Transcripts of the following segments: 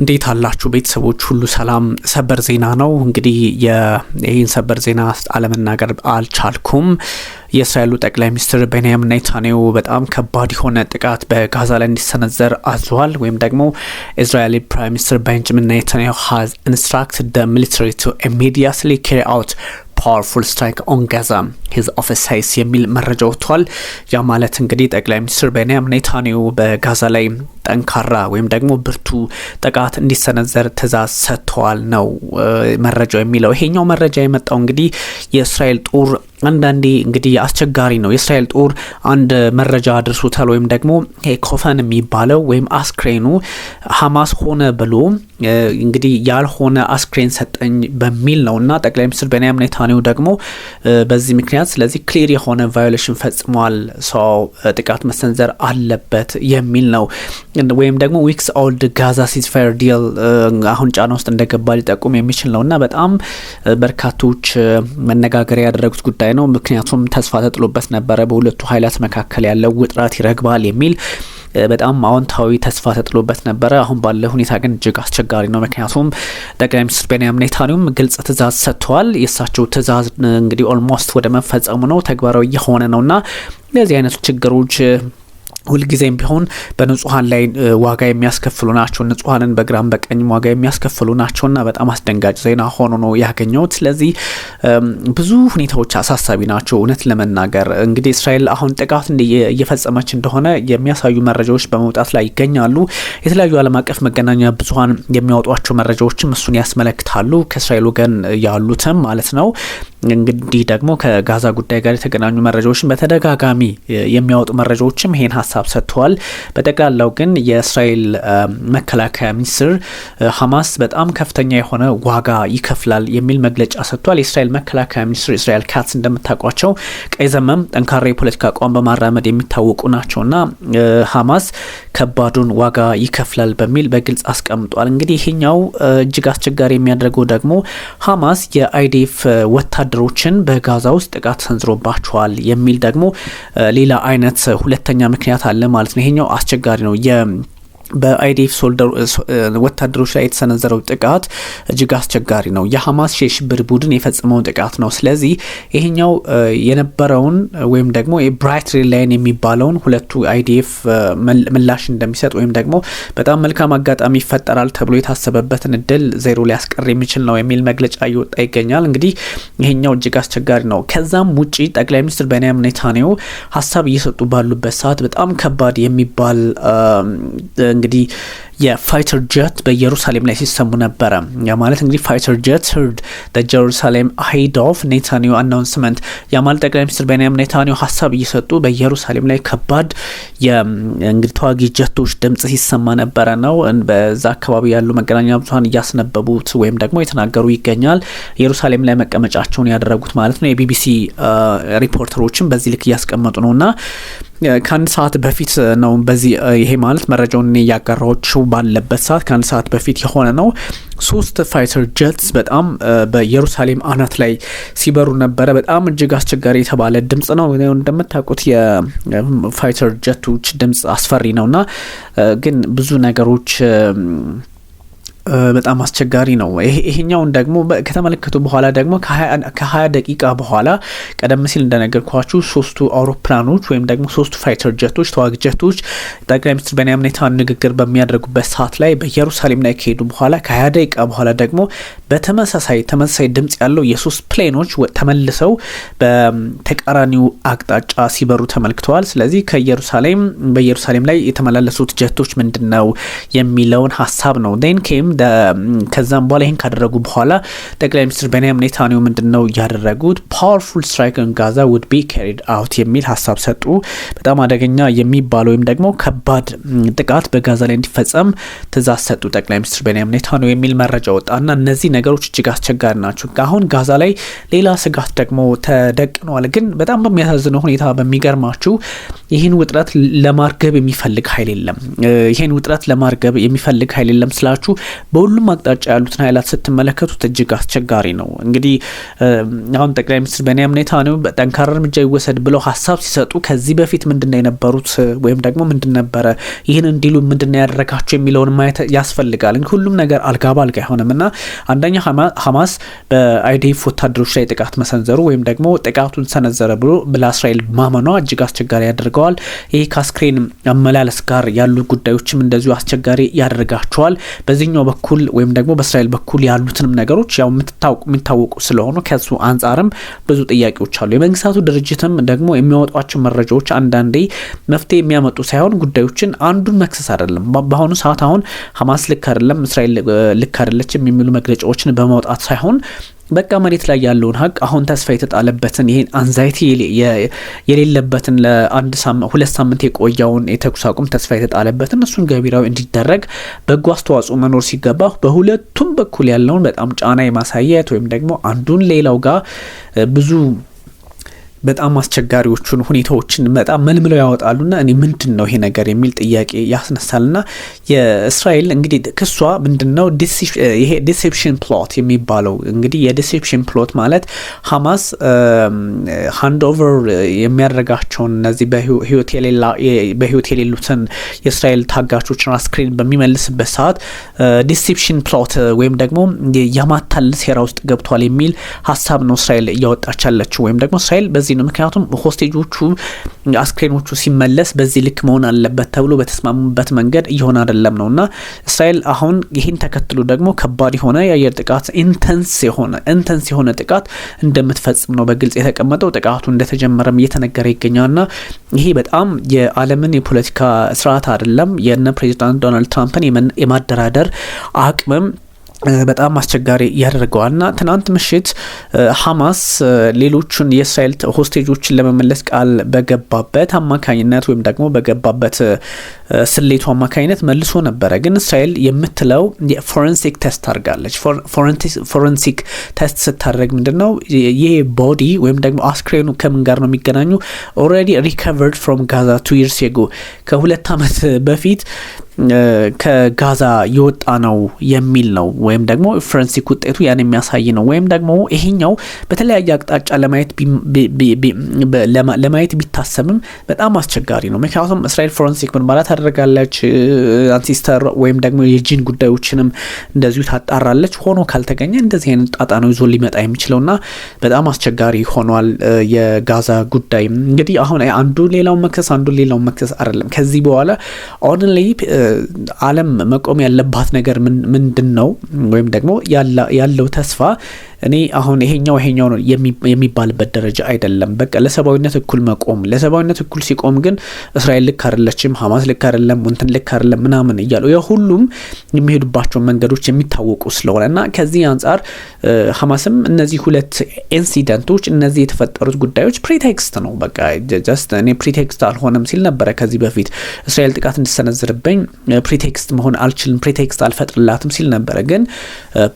እንዴት አላችሁ ቤተሰቦች ሁሉ ሰላም። ሰበር ዜና ነው እንግዲህ ይህን ሰበር ዜና አለመናገር አልቻልኩም። የእስራኤሉ ጠቅላይ ሚኒስትር ቤንያሚን ኔታንያሁ በጣም ከባድ የሆነ ጥቃት በጋዛ ላይ እንዲሰነዘር አዟል። ወይም ደግሞ እስራኤል ፕራይም ሚኒስትር ቤንጃሚን ኔታንያሁ ሀዝ ኢንስትራክት ደ ሚሊታሪ ቱ ኢሚዲያትሊ ካሪ አውት ፓወርፉል ስትራይክ ኦን ጋዛ ሂዝ ኦፊስ ሳይስ የሚል መረጃ ወጥቷል። ያ ማለት እንግዲህ ጠቅላይ ሚኒስትር ቤንያሚን ኔታንያሁ በጋዛ ላይ ጠንካራ ወይም ደግሞ ብርቱ ጥቃት እንዲሰነዘር ትእዛዝ ሰጥተዋል ነው መረጃው የሚለው። ይሄኛው መረጃ የመጣው እንግዲህ የእስራኤል ጦር አንዳንዴ እንግዲህ አስቸጋሪ ነው። የእስራኤል ጦር አንድ መረጃ አድርሱታል ወይም ደግሞ ኮፈን የሚባለው ወይም አስክሬኑ ሀማስ ሆነ ብሎ እንግዲህ ያልሆነ አስክሬን ሰጠኝ በሚል ነው እና ጠቅላይ ሚኒስትር ቤንያሚን ኔታንያሁ ደግሞ በዚህ ምክንያት ስለዚህ ክሊር የሆነ ቫዮሌሽን ፈጽሟል፣ ሰው ጥቃት መሰንዘር አለበት የሚል ነው። ወይም ደግሞ ዊክስ ኦልድ ጋዛ ሲዝፋየር ዲል አሁን ጫና ውስጥ እንደገባ ሊጠቁም የሚችል ነው እና በጣም በርካቶች መነጋገሪያ ያደረጉት ጉዳይ ነው። ምክንያቱም ተስፋ ተጥሎበት ነበረ በሁለቱ ኃይላት መካከል ያለው ውጥረት ይረግባል የሚል በጣም አዎንታዊ ተስፋ ተጥሎበት ነበረ። አሁን ባለ ሁኔታ ግን እጅግ አስቸጋሪ ነው። ምክንያቱም ጠቅላይ ሚኒስትር ቤንያም ኔታኒውም ግልጽ ትእዛዝ ሰጥተዋል። የእሳቸው ትእዛዝ እንግዲህ ኦልሞስት ወደ መፈጸሙ ነው፣ ተግባራዊ እየሆነ ነው እና እንደዚህ አይነቱ ችግሮች ሁልጊዜም ቢሆን በንጹሀን ላይ ዋጋ የሚያስከፍሉ ናቸው። ንጹሀንን በግራም በቀኝም ዋጋ የሚያስከፍሉ ናቸውና በጣም አስደንጋጭ ዜና ሆኖ ነው ያገኘሁት። ስለዚህ ብዙ ሁኔታዎች አሳሳቢ ናቸው። እውነት ለመናገር እንግዲህ እስራኤል አሁን ጥቃት እየፈጸመች እንደሆነ የሚያሳዩ መረጃዎች በመውጣት ላይ ይገኛሉ። የተለያዩ ዓለም አቀፍ መገናኛ ብዙሀን የሚያወጧቸው መረጃዎችም እሱን ያስመለክታሉ። ከእስራኤል ወገን ያሉትም ማለት ነው እንግዲህ ደግሞ ከጋዛ ጉዳይ ጋር የተገናኙ መረጃዎችን በተደጋጋሚ የሚያወጡ መረጃዎችም ይሄን ሀሳብ ሰጥተዋል። በጠቅላላው ግን የእስራኤል መከላከያ ሚኒስትር ሀማስ በጣም ከፍተኛ የሆነ ዋጋ ይከፍላል የሚል መግለጫ ሰጥቷል። የእስራኤል መከላከያ ሚኒስትር እስራኤል ካትስ እንደምታውቋቸው ቀይ ዘመም ጠንካራ የፖለቲካ አቋም በማራመድ የሚታወቁ ናቸውና ሀማስ ከባዱን ዋጋ ይከፍላል በሚል በግልጽ አስቀምጧል። እንግዲህ ይሄኛው እጅግ አስቸጋሪ የሚያደርገው ደግሞ ሀማስ የአይዲኤፍ ወታደ ወታደሮችን በጋዛ ውስጥ ጥቃት ሰንዝሮባቸዋል የሚል ደግሞ ሌላ አይነት ሁለተኛ ምክንያት አለ ማለት ነው። ይሄኛው አስቸጋሪ ነው። በአይዲኤፍ ወታደሮች ላይ የተሰነዘረው ጥቃት እጅግ አስቸጋሪ ነው። የሐማስ የሽብር ቡድን የፈጸመውን ጥቃት ነው። ስለዚህ ይሄኛው የነበረውን ወይም ደግሞ የብራይት ሬድ ላይን የሚባለውን ሁለቱ አይዲኤፍ ምላሽ እንደሚሰጥ ወይም ደግሞ በጣም መልካም አጋጣሚ ይፈጠራል ተብሎ የታሰበበትን እድል ዜሮ ሊያስቀር የሚችል ነው የሚል መግለጫ እየወጣ ይገኛል። እንግዲህ ይሄኛው እጅግ አስቸጋሪ ነው። ከዛም ውጪ ጠቅላይ ሚኒስትር ቤንያሚን ኔታንያሁ ሀሳብ እየሰጡ ባሉበት ሰዓት በጣም ከባድ የሚባል እንግዲህ የፋይተር ጀት በኢየሩሳሌም ላይ ሲሰሙ ነበረ። ያ ማለት እንግዲህ ፋይተር ጀት ህርድ ጀሩሳሌም ሄድ ኦፍ ኔታንያሁ አናውንስመንት ያ ማለት ጠቅላይ ሚኒስትር ቤንያሚን ኔታንያሁ ሀሳብ እየሰጡ በኢየሩሳሌም ላይ ከባድ እንግዲህ ተዋጊ ጀቶች ድምጽ ሲሰማ ነበረ ነው በዛ አካባቢ ያሉ መገናኛ ብዙሀን እያስነበቡት ወይም ደግሞ የተናገሩ ይገኛል። ኢየሩሳሌም ላይ መቀመጫቸውን ያደረጉት ማለት ነው። የቢቢሲ ሪፖርተሮችም በዚህ ልክ እያስቀመጡ ነው እና ከአንድ ሰዓት በፊት ነው በዚህ ይሄ ማለት መረጃውን እኔ እያጋራዎችው ባለበት ሰዓት ከአንድ ሰዓት በፊት የሆነ ነው። ሶስት ፋይተር ጀትስ በጣም በኢየሩሳሌም አናት ላይ ሲበሩ ነበረ። በጣም እጅግ አስቸጋሪ የተባለ ድምጽ ነው። እንደምታውቁት የፋይተር ጀቶች ድምጽ አስፈሪ ነውና ግን ብዙ ነገሮች በጣም አስቸጋሪ ነው። ይሄኛውን ደግሞ ከተመለከቱ በኋላ ደግሞ ከሀያ ደቂቃ በኋላ ቀደም ሲል እንደነገርኳችሁ ሶስቱ አውሮፕላኖች ወይም ደግሞ ሶስቱ ፋይተር ጀቶች ተዋጊ ጀቶች ጠቅላይ ሚኒስትር ቤንያሚን ኔታንያሁ ንግግር በሚያደርጉበት ሰዓት ላይ በኢየሩሳሌም ላይ ከሄዱ በኋላ ከሀያ ደቂቃ በኋላ ደግሞ በተመሳሳይ ተመሳሳይ ድምጽ ያለው የሶስት ፕሌኖች ተመልሰው በተቃራኒው አቅጣጫ ሲበሩ ተመልክተዋል። ስለዚህ ከኢየሩሳሌም በኢየሩሳሌም ላይ የተመላለሱት ጀቶች ምንድን ነው የሚለውን ሀሳብ ነው ን ከዛም በኋላ ይህን ካደረጉ በኋላ ጠቅላይ ሚኒስትር ቤንያሚን ኔታንያሁ ምንድን ነው ያደረጉት? ፓወርፉል ስትራይክ ጋዛ ውድ ቢ ካሪድ አውት የሚል ሀሳብ ሰጡ። በጣም አደገኛ የሚባል ወይም ደግሞ ከባድ ጥቃት በጋዛ ላይ እንዲፈጸም ትእዛዝ ሰጡ ጠቅላይ ሚኒስትር ቤንያሚን ኔታንያሁ የሚል መረጃ እና እነዚህ ነገሮች እጅግ አስቸጋሪ ናቸው። አሁን ጋዛ ላይ ሌላ ስጋት ደግሞ ተደቅኗል። ግን በጣም በሚያሳዝነው ሁኔታ በሚገርማችሁ ይህን ውጥረት ለማርገብ የሚፈልግ ኃይል የለም። ይህን ውጥረት ለማርገብ የሚፈልግ ኃይል የለም ስላችሁ በሁሉም አቅጣጫ ያሉትን ኃይላት ስትመለከቱት እጅግ አስቸጋሪ ነው። እንግዲህ አሁን ጠቅላይ ሚኒስትር ቤንያሚን ኔታንያሁ ጠንካራ እርምጃ ይወሰድ ብለው ሀሳብ ሲሰጡ ከዚህ በፊት ምንድነው የነበሩት ወይም ደግሞ ምንድን ነበረ ይህን እንዲሉ ምንድነው ያደረጋቸው የሚለውን ማየት ያስፈልጋል። ሁሉም ነገር አልጋ ባልጋ አይሆንም እና አንደኛ ሀማስ በአይዲኤፍ ወታደሮች ላይ ጥቃት መሰንዘሩ ወይም ደግሞ ጥቃቱን ሰነዘረ ብሎ ለእስራኤል ማመኗ እጅግ አስቸጋሪ ያደርገዋል። ይህ ከአስክሬን አመላለስ ጋር ያሉ ጉዳዮችም እንደዚሁ አስቸጋሪ ያደርጋቸዋል። በዚህኛው በኩል ወይም ደግሞ በእስራኤል በኩል ያሉትንም ነገሮች ያው የሚታወቁ ስለሆኑ ከሱ አንጻርም ብዙ ጥያቄዎች አሉ። የመንግስታቱ ድርጅትም ደግሞ የሚያወጧቸው መረጃዎች አንዳንዴ መፍትሄ የሚያመጡ ሳይሆን ጉዳዮችን አንዱን መክሰስ አይደለም። በአሁኑ ሰዓት አሁን ሐማስ ልክ አይደለም፣ እስራኤል ልክ አይደለችም የሚሉ መግለጫዎችን በማውጣት ሳይሆን በቃ መሬት ላይ ያለውን ሀቅ አሁን ተስፋ የተጣለበትን ይህን አንዛይቲ የሌለበትን ለአንድ ሁለት ሳምንት የቆየውን የተኩስ አቁም ተስፋ የተጣለበትን እሱን ገቢራዊ እንዲደረግ በጎ አስተዋጽኦ መኖር ሲገባ በሁለቱም በኩል ያለውን በጣም ጫና የማሳየት ወይም ደግሞ አንዱን ሌላው ጋር ብዙ በጣም አስቸጋሪዎቹን ሁኔታዎችን በጣም መልምለው ያወጣሉና እኔ ምንድን ነው ይሄ ነገር የሚል ጥያቄ ያስነሳልና የእስራኤል እንግዲህ ክሷ ምንድን ነው ይሄ ዲሴፕሽን ፕሎት የሚባለው እንግዲህ የዲሴፕሽን ፕሎት ማለት ሀማስ ሃንድ ኦቨር የሚያደርጋቸውን እነዚህ በህይወት የሌሉትን የእስራኤል ታጋቾችን አስክሬን በሚመልስበት ሰዓት ዲሴፕሽን ፕሎት ወይም ደግሞ የማታል ሴራ ውስጥ ገብቷል የሚል ሀሳብ ነው እስራኤል እያወጣች ያለችው ወይም ደግሞ እስራኤል ለዚህ ነው። ምክንያቱም ሆስቴጆቹ አስክሬኖቹ ሲመለስ በዚህ ልክ መሆን አለበት ተብሎ በተስማሙበት መንገድ እየሆነ አይደለም ነው እና እስራኤል አሁን ይህን ተከትሎ ደግሞ ከባድ የሆነ የአየር ጥቃት ኢንተንስ የሆነ ኢንተንስ የሆነ ጥቃት እንደምትፈጽም ነው በግልጽ የተቀመጠው። ጥቃቱ እንደተጀመረም እየተነገረ ይገኛል ና ይሄ በጣም የአለምን የፖለቲካ ስርዓት አይደለም የነ ፕሬዚዳንት ዶናልድ ትራምፕን የማደራደር አቅምም በጣም አስቸጋሪ ያደርገዋልና ትናንት ምሽት ሀማስ ሌሎቹን የእስራኤል ሆስቴጆችን ለመመለስ ቃል በገባበት አማካኝነት ወይም ደግሞ በገባበት ስሌቱ አማካኝነት መልሶ ነበረ። ግን እስራኤል የምትለው የፎረንሲክ ቴስት አርጋለች ፎረንሲክ ቴስት ስታደርግ ምንድን ነው ይህ ቦዲ ወይም ደግሞ አስክሬኑ ከምን ጋር ነው የሚገናኙ ኦልሬዲ ሪካቨርድ ፍሮም ጋዛ ቱ ይርስ ጎ ከሁለት ዓመት በፊት ከጋዛ የወጣ ነው የሚል ነው ወይም ደግሞ ፍረንሲክ ውጤቱ ያን የሚያሳይ ነው ወይም ደግሞ ይሄኛው በተለያየ አቅጣጫ ለማየት ቢታሰብም በጣም አስቸጋሪ ነው። ምክንያቱም እስራኤል ፎረንሲክ ምርመራ ታደርጋለች፣ አንሲስተር ወይም ደግሞ የጂን ጉዳዮችንም እንደዚሁ ታጣራለች። ሆኖ ካልተገኘ እንደዚህ አይነት ጣጣ ነው ይዞ ሊመጣ የሚችለው ና በጣም አስቸጋሪ ሆኗል የጋዛ ጉዳይ። እንግዲህ አሁን አንዱ ሌላውን መክሰስ አንዱ ሌላውን መክሰስ አይደለም ከዚህ በኋላ ኦንሊ ዓለም መቆም ያለባት ነገር ምንድን ነው ወይም ደግሞ ያለው ተስፋ እኔ አሁን ይሄኛው ይሄኛው ነው የሚባልበት ደረጃ አይደለም። በቃ ለሰብአዊነት እኩል መቆም ለሰብአዊነት እኩል ሲቆም ግን እስራኤል ልክ አይደለችም፣ ሀማስ ልክ አይደለም፣ እንትን ልክ አይደለም ምናምን እያሉ የሁሉም የሚሄዱባቸው መንገዶች የሚታወቁ ስለሆነ እና ከዚህ አንጻር ሀማስም እነዚህ ሁለት ኢንሲደንቶች እነዚህ የተፈጠሩት ጉዳዮች ፕሪቴክስት ነው በቃ ጀስት እኔ ፕሪቴክስት አልሆነም ሲል ነበረ ከዚህ በፊት እስራኤል ጥቃት እንድሰነዝርብኝ ፕሪቴክስት መሆን አልችልም፣ ፕሪቴክስት አልፈጥርላትም ሲል ነበረ። ግን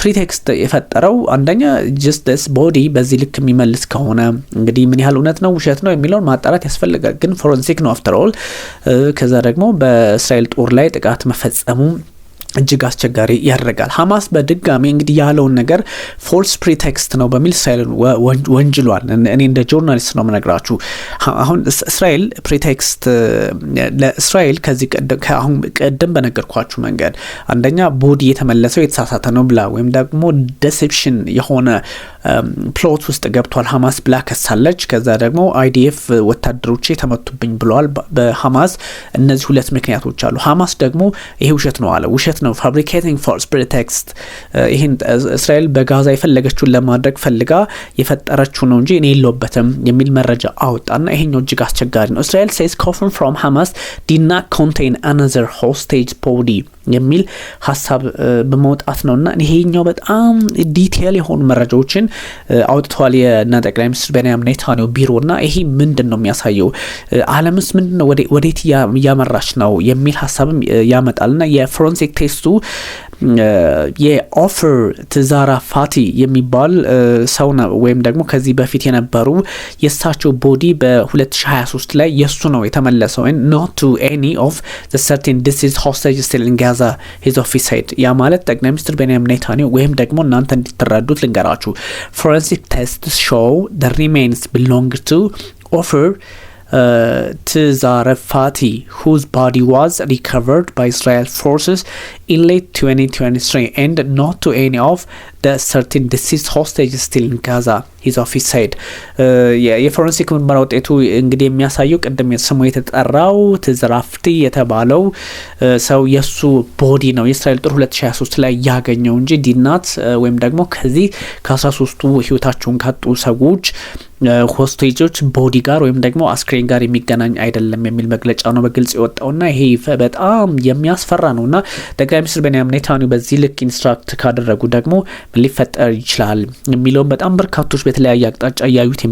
ፕሪቴክስት የፈጠረው አንደኛ ጀስትስ ቦዲ በዚህ ልክ የሚመልስ ከሆነ እንግዲህ ምን ያህል እውነት ነው ውሸት ነው የሚለውን ማጣራት ያስፈልጋል። ግን ፎረንሲክ ነው አፍተር ኦል። ከዛ ደግሞ በእስራኤል ጦር ላይ ጥቃት መፈጸሙ እጅግ አስቸጋሪ ያደርጋል። ሀማስ በድጋሚ እንግዲህ ያለውን ነገር ፎልስ ፕሪቴክስት ነው በሚል እስራኤልን ወንጅሏል። እኔ እንደ ጆርናሊስት ነው የምነግራችሁ። አሁን እስራኤል ፕሪቴክስት ለእስራኤል ከዚህ አሁን ቅድም በነገርኳችሁ መንገድ አንደኛ ቦዲ የተመለሰው የተሳሳተ ነው ብላ ወይም ደግሞ ደሴፕሽን የሆነ ፕሎት ውስጥ ገብቷል ሀማስ ብላ ከሳለች። ከዛ ደግሞ አይዲኤፍ ወታደሮች ተመቱብኝ ብለዋል በሀማስ። እነዚህ ሁለት ምክንያቶች አሉ። ሀማስ ደግሞ ይሄ ውሸት ነው አለ ውሸት ነው ፋብሪኬቲንግ ፎልስ ፕሪቴክስት ይህን እስራኤል በጋዛ የፈለገችውን ለማድረግ ፈልጋ የፈጠረችው ነው እንጂ እኔ የለበትም የሚል መረጃ አወጣና ይሄኛው እጅግ አስቸጋሪ ነው። እስራኤል ሴስ ኮፍን ፍሮም ሀማስ ዲና ኮንቴን አነዘር ሆስቴጅ ቦዲ የሚል ሀሳብ በመውጣት ነው እና ይሄኛው በጣም ዲቴል የሆኑ መረጃዎችን አውጥተዋል የና ጠቅላይ ሚኒስትር ቤንያም ኔታንያሁ ቢሮ እና ይሄ ምንድን ነው የሚያሳየው አለምስ ምንድን ነው ወዴት እያመራች ነው የሚል ሀሳብም ያመጣል እና የፎረንሲክ ቴስቱ የኦፈር ትዛራ ፋቲ የሚባል ሰው ነው ወይም ደግሞ ከዚህ በፊት የነበሩ የእሳቸው ቦዲ በ2023 ላይ የእሱ ነው የተመለሰው ኖት ቱ ኒ ኦፍ ሰርቲን ዲሲዝ ሆስቴጅ ስቲል ጋዛ ሂዝ ኦፊስ ሄድ ያ ማለት ጠቅላይ ሚኒስትር ቤንያሚን ኔታንያሁ ወይም ደግሞ እናንተ እንዲተረዱት ልንገራችሁ ፎረንሲክ ቴስት ሾው ደ ሪሜንስ ቢሎንግ ቱ to uh, Zarefati, whose body was recovered by Israeli forces in late 2023, and not to any of the 13 deceased hostages still in Gaza. ሂዝ ኦፊስ ሳይድ የፎረንሲክ ምርመራ ውጤቱ እንግዲህ የሚያሳየው ቅድም ስሙ የተጠራው ትዝራፍቲ የተባለው uh, ሰው የእሱ ቦዲ ነው የእስራኤል ጦር 2023 ላይ ያገኘው እንጂ ዲናት uh, ወይም ደግሞ ከዚህ ከ13ቱ ህይወታቸውን ካጡ ሰዎች uh, ሆስቴጆች ቦዲ ጋር ወይም ደግሞ አስክሬን ጋር የሚገናኝ አይደለም የሚል መግለጫ ነው በግልጽ የወጣውና ይሄ በጣም የሚያስፈራ ነውና ጠቅላይ ሚኒስትር ቤንያሚን ኔታንያሁ በዚህ ልክ ኢንስትራክት ካደረጉ ደግሞ ሊፈጠር ይችላል የሚለውም በጣም በርካቶች በተለያየ አቅጣጫ እያዩት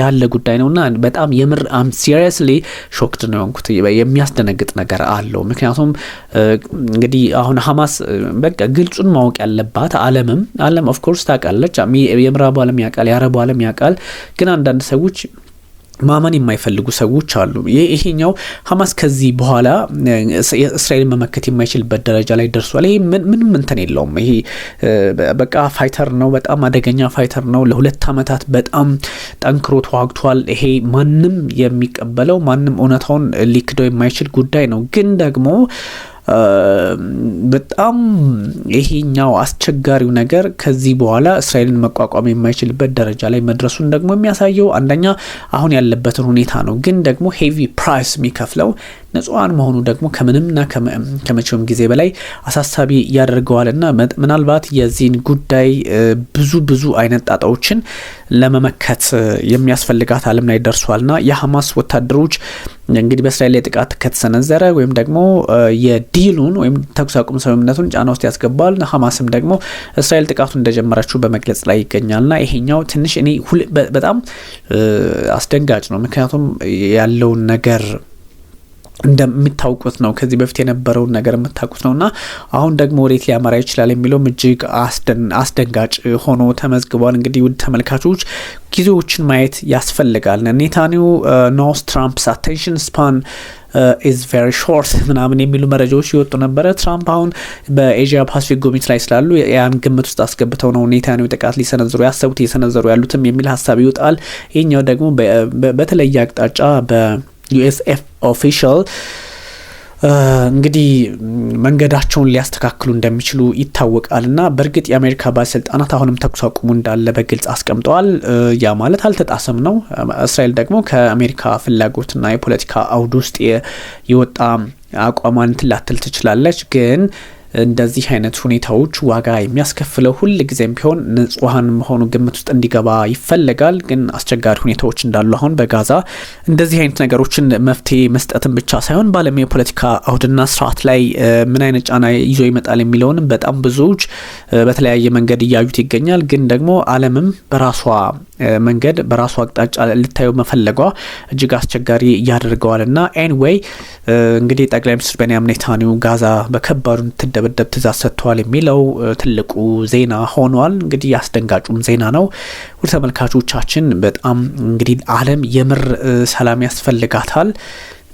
ያለ ጉዳይ ነው እና በጣም የምር አም ሲሪየስሊ ሾክድ ነው የሆንኩት። የሚያስደነግጥ ነገር አለው። ምክንያቱም እንግዲህ አሁን ሀማስ በቃ ግልጹን ማወቅ ያለባት አለምም አለም ኦፍኮርስ ታውቃለች፣ የምራቡ አለም ያውቃል፣ የአረቡ አለም ያውቃል። ግን አንዳንድ ሰዎች ማመን የማይፈልጉ ሰዎች አሉ። ይሄኛው ሀማስ ከዚህ በኋላ እስራኤልን መመከት የማይችልበት ደረጃ ላይ ደርሷል። ይሄ ምንም እንትን የለውም። ይሄ በቃ ፋይተር ነው፣ በጣም አደገኛ ፋይተር ነው። ለሁለት ዓመታት በጣም ጠንክሮ ተዋግቷል። ይሄ ማንም የሚቀበለው ማንም እውነታውን ሊክደው የማይችል ጉዳይ ነው። ግን ደግሞ በጣም ይሄኛው አስቸጋሪው ነገር ከዚህ በኋላ እስራኤልን መቋቋም የማይችልበት ደረጃ ላይ መድረሱን ደግሞ የሚያሳየው አንደኛ አሁን ያለበትን ሁኔታ ነው። ግን ደግሞ ሄቪ ፕራይስ የሚከፍለው ንጹሐን መሆኑ ደግሞ ከምንምና ከመቼውም ጊዜ በላይ አሳሳቢ ያደርገዋልና ምናልባት የዚህን ጉዳይ ብዙ ብዙ አይነት ጣጣዎችን ለመመከት የሚያስፈልጋት አለም ላይ ደርሷልና የሐማስ ወታደሮች እንግዲህ በእስራኤል ላይ ጥቃት ከተሰነዘረ ወይም ደግሞ የዲሉን ወይም ተኩስ አቁም ስምምነቱን ጫና ውስጥ ያስገባል። ሀማስም ደግሞ እስራኤል ጥቃቱ እንደጀመረችው በመግለጽ ላይ ይገኛል ና ይሄኛው ትንሽ እኔ በጣም አስደንጋጭ ነው። ምክንያቱም ያለውን ነገር እንደምታውቁት ነው። ከዚህ በፊት የነበረውን ነገር የምታውቁት ነው እና አሁን ደግሞ ወዴት ሊያመራ ይችላል የሚለውም እጅግ አስደንጋጭ ሆኖ ተመዝግቧል። እንግዲህ ውድ ተመልካቾች ጊዜዎችን ማየት ያስፈልጋል። ኔታኒው ኖስ ትራምፕስ አቴንሽን ስፓን ኢዝ ቨሪ ሾርት ምናምን የሚሉ መረጃዎች ይወጡ ነበረ። ትራምፕ አሁን በኤዥያ ፓስፊክ ጉብኝት ላይ ስላሉ ያን ግምት ውስጥ አስገብተው ነው ኔታኒው ጥቃት ሊሰነዝሩ ያሰቡት እየሰነዘሩ ያሉትም የሚል ሀሳብ ይወጣል። ይህኛው ደግሞ በተለየ አቅጣጫ በ ዩኤስኤፍ ኦፊሻል እንግዲህ መንገዳቸውን ሊያስተካክሉ እንደሚችሉ ይታወቃል እና በእርግጥ የአሜሪካ ባለስልጣናት አሁንም ተኩስ አቁሙ እንዳለ በግልጽ አስቀምጠዋል። ያ ማለት አልተጣሰም ነው። እስራኤል ደግሞ ከአሜሪካ ፍላጎትና የፖለቲካ አውድ ውስጥ የወጣ አቋሟን ላትል ትችላለች ግን እንደዚህ አይነት ሁኔታዎች ዋጋ የሚያስከፍለው ሁል ጊዜም ቢሆን ንጹሐን መሆኑ ግምት ውስጥ እንዲገባ ይፈለጋል። ግን አስቸጋሪ ሁኔታዎች እንዳሉ አሁን በጋዛ እንደዚህ አይነት ነገሮችን መፍትሄ መስጠትን ብቻ ሳይሆን በዓለም የፖለቲካ አውድና ስርዓት ላይ ምን አይነት ጫና ይዞ ይመጣል የሚለውንም በጣም ብዙዎች በተለያየ መንገድ እያዩት ይገኛል። ግን ደግሞ ዓለምም በራሷ መንገድ በራሱ አቅጣጫ ልታዩ መፈለጓ እጅግ አስቸጋሪ እያደርገዋል ና ኤኒዌይ እንግዲህ ጠቅላይ ሚኒስትር ቤንያም ኔታኒው ጋዛ በከባዱ ትደበደብ ትእዛዝ ሰጥተዋል የሚለው ትልቁ ዜና ሆኗል። እንግዲህ አስደንጋጩም ዜና ነው። ውድ ተመልካቾቻችን በጣም እንግዲህ ዓለም የምር ሰላም ያስፈልጋታል።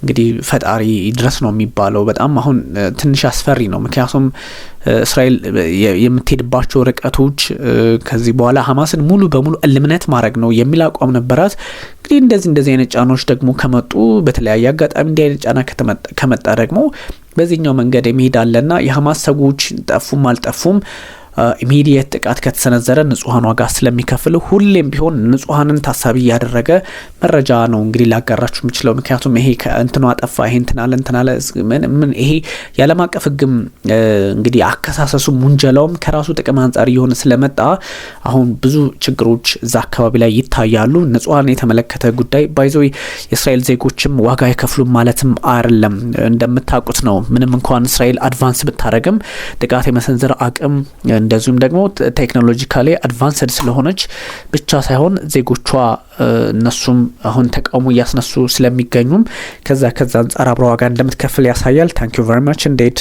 እንግዲህ ፈጣሪ ድረስ ነው የሚባለው። በጣም አሁን ትንሽ አስፈሪ ነው። ምክንያቱም እስራኤል የምትሄድባቸው ርቀቶች ከዚህ በኋላ ሀማስን ሙሉ በሙሉ እልምነት ማድረግ ነው የሚል አቋም ነበራት። እንግዲህ እንደዚህ እንደዚህ አይነት ጫናዎች ደግሞ ከመጡ በተለያየ አጋጣሚ እንዲህ አይነት ጫና ከመጣ ደግሞ በዚህኛው መንገድ የሚሄዳለና የሀማስ ሰዎች ጠፉም አልጠፉም ኢሚዲየት ጥቃት ከተሰነዘረ ንጹሐን ዋጋ ስለሚከፍል ሁሌም ቢሆን ንጹሐንን ታሳቢ እያደረገ መረጃ ነው እንግዲህ ላጋራችሁ የምችለው። ምክንያቱም ይሄ ከእንትኗ ጠፋ ይሄ እንትናለ እንትናለ ምን ይሄ የዓለም አቀፍ ህግም እንግዲህ አከሳሰሱም ውንጀላውም ከራሱ ጥቅም አንጻር እየሆነ ስለመጣ አሁን ብዙ ችግሮች እዛ አካባቢ ላይ ይታያሉ። ንጹሐን የተመለከተ ጉዳይ ባይዞ የእስራኤል ዜጎችም ዋጋ አይከፍሉም ማለትም አይደለም። እንደምታውቁት ነው ምንም እንኳን እስራኤል አድቫንስ ብታደረግም ጥቃት የመሰንዘር አቅም እንደዚሁም ደግሞ ቴክኖሎጂካሊ አድቫንስድ ስለሆነች ብቻ ሳይሆን ዜጎቿ እነሱም አሁን ተቃውሞ እያስነሱ ስለሚገኙም ከዛ ከዛ አንጻር አብረ ዋጋ እንደምትከፍል ያሳያል። ታንክ ዩ ቨሪ ማች እንዴድ